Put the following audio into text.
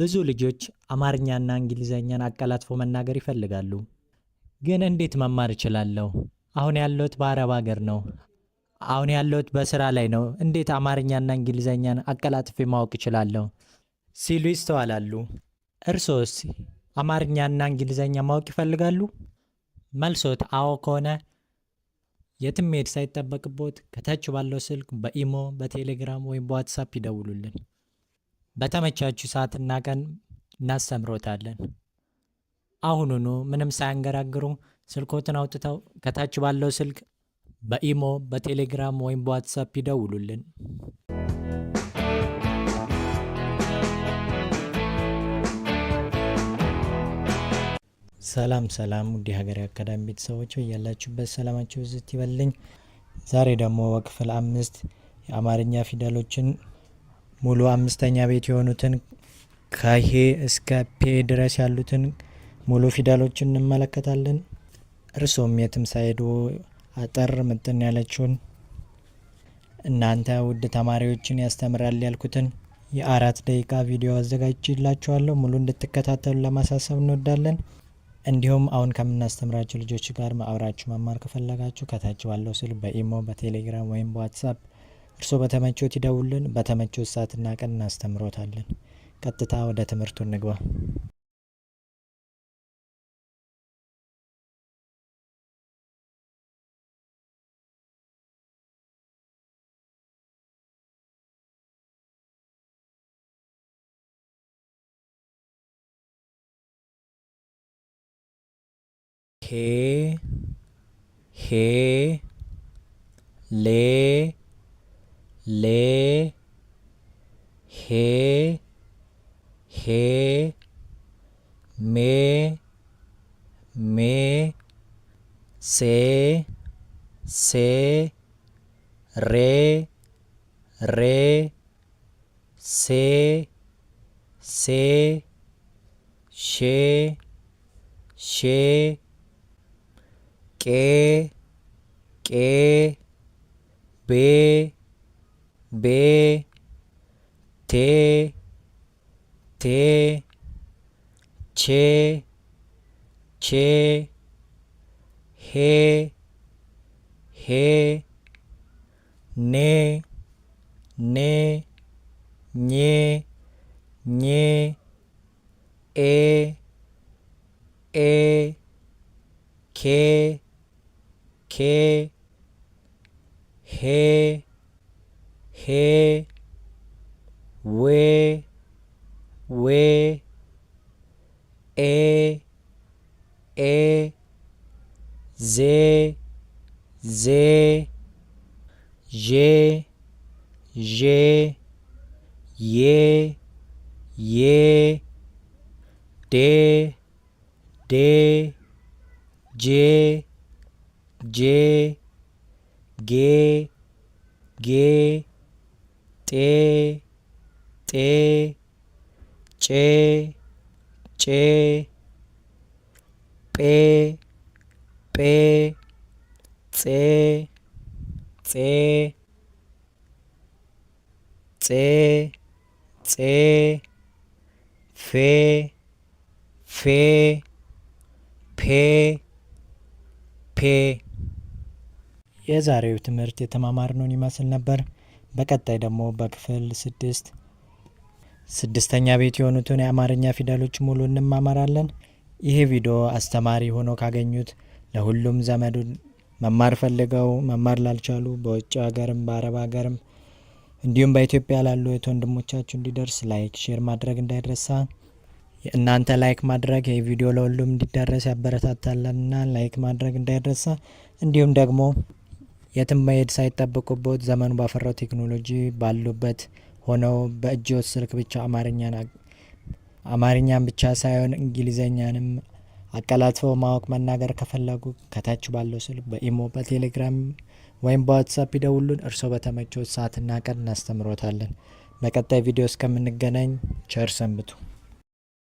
ብዙ ልጆች አማርኛና እንግሊዘኛን አቀላጥፎ መናገር ይፈልጋሉ። ግን እንዴት መማር እችላለሁ? አሁን ያለሁት በአረብ ሀገር ነው። አሁን ያለሁት በስራ ላይ ነው። እንዴት አማርኛና እንግሊዘኛን አቀላጥፌ ማወቅ እችላለሁ? ሲሉ ይስተዋላሉ። እርሶስ አማርኛና እንግሊዘኛ ማወቅ ይፈልጋሉ? መልሶት አዎ ከሆነ የትም መሄድ ሳይጠበቅቦት ከታች ባለው ስልክ በኢሞ፣ በቴሌግራም ወይም በዋትሳፕ ይደውሉልን። በተመቻችሁ ሰዓትና ቀን እናስተምሮታለን። አሁኑኑ ምንም ሳያንገራግሩ ስልኮትን አውጥተው ከታች ባለው ስልክ በኢሞ በቴሌግራም ወይም በዋትሳፕ ይደውሉልን። ሰላም ሰላም፣ ውድ ሀገሬ አካዳሚ ቤተሰቦች ያላችሁበት ሰላማችሁ ዝት ይበልኝ። ዛሬ ደግሞ በክፍል አምስት የአማርኛ ፊደሎችን ሙሉ አምስተኛ ቤት የሆኑትን ከሄ እስከ ፔ ድረስ ያሉትን ሙሉ ፊደሎች እንመለከታለን። እርስም የትም ሳይሄዱ አጠር ምጥን ያለችውን እናንተ ውድ ተማሪዎችን ያስተምራል ያልኩትን የአራት ደቂቃ ቪዲዮ አዘጋጅላችኋለሁ። ሙሉ እንድትከታተሉ ለማሳሰብ እንወዳለን። እንዲሁም አሁን ከምናስተምራቸው ልጆች ጋር አብራችሁ መማር ከፈለጋችሁ ከታች ባለው ስልክ በኢሞ በቴሌግራም ወይም በዋትሳፕ እርስዎ በተመቾት ይደውልን። በተመቾት ሰዓትና ቀን እናስተምሮታለን። ቀጥታ ወደ ትምህርቱ እንግባ። ሄ ሄ ሌ ሌ ሄ ሄ ሜ ሜ ሴ ሴ ሬ ሬ ሴ ሴ ሼ ሼ ቄ ቄ ቤ ቤ ቴ ቴ ቼ ቼ ሄ ሄ ኔ ኔ ኜ ኜ ኤ ኤ ኬ ኬ ሄ ሄ ዌ ዌ ኤ ኤ ዜ ዜ ዤ ዤ ዬ ዬ ዴ ዴ ጄ ጄ ጌ ጌ ጤ ጤ ጬ ጬ ጴ ጴ ፄ ፄ ፄ ፄ ፌ ፌ ፔ ፔ የዛሬው ትምህርት የተማማርነውን ይመስል ነበር። በቀጣይ ደግሞ በክፍል ስድስት ስድስተኛ ቤት የሆኑትን የአማርኛ ፊደሎች ሙሉ እንማማራለን። ይህ ቪዲዮ አስተማሪ ሆኖ ካገኙት ለሁሉም ዘመዱ መማር ፈልገው መማር ላልቻሉ በውጭ ሀገርም በአረብ ሀገርም እንዲሁም በኢትዮጵያ ላሉ የት ወንድሞቻችሁ እንዲደርስ ላይክ፣ ሼር ማድረግ እንዳይረሳ። እናንተ ላይክ ማድረግ ይህ ቪዲዮ ለሁሉም እንዲዳረስ ያበረታታለንና ላይክ ማድረግ እንዳይረሳ። እንዲሁም ደግሞ የትም መሄድ ሳይጠበቁበት ዘመኑ ባፈራው ቴክኖሎጂ ባሉበት ሆነው በእጅዎት ስልክ ብቻ አማርኛን አማርኛን ብቻ ሳይሆን እንግሊዘኛንም አቀላጥፈው ማወቅ መናገር ከፈለጉ ከታች ባለው ስልክ በኢሞ በቴሌግራም ወይም በዋትሳፕ ይደውሉን። እርስዎ በተመቸው ሰዓትና ቀን እናስተምሮታለን። በቀጣይ ቪዲዮ እስከምንገናኝ ቸር ሰንብቱ።